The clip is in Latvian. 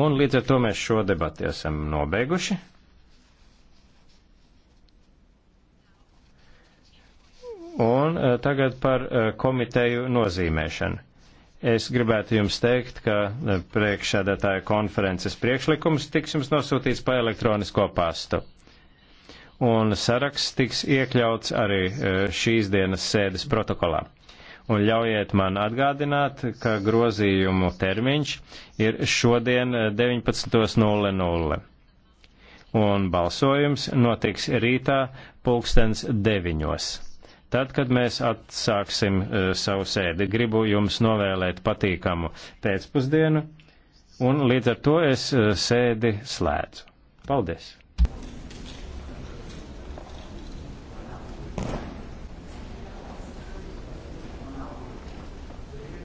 Un līdz ar to mēs šo debati esam nobeiguši. Un eh, tagad par eh, komiteju nozīmēšanu. Es gribētu jums teikt, ka eh, priekšsēdētāja konferences priekšlikums tiks jums nosūtīts pa elektronisko pastu. Un saraksts tiks iekļauts arī šīs dienas sēdes protokolā un ļaujiet man atgādināt, ka grozījumu termiņš ir šodien 19.00. Eh, un balsojums notiks rītā pulkstens 9. Tad, kad mēs atsāksim uh, savu sēdi, gribu jums novēlēt patīkamu pēcpusdienu, un līdz ar to es uh, sēdi slēdzu. Paldies!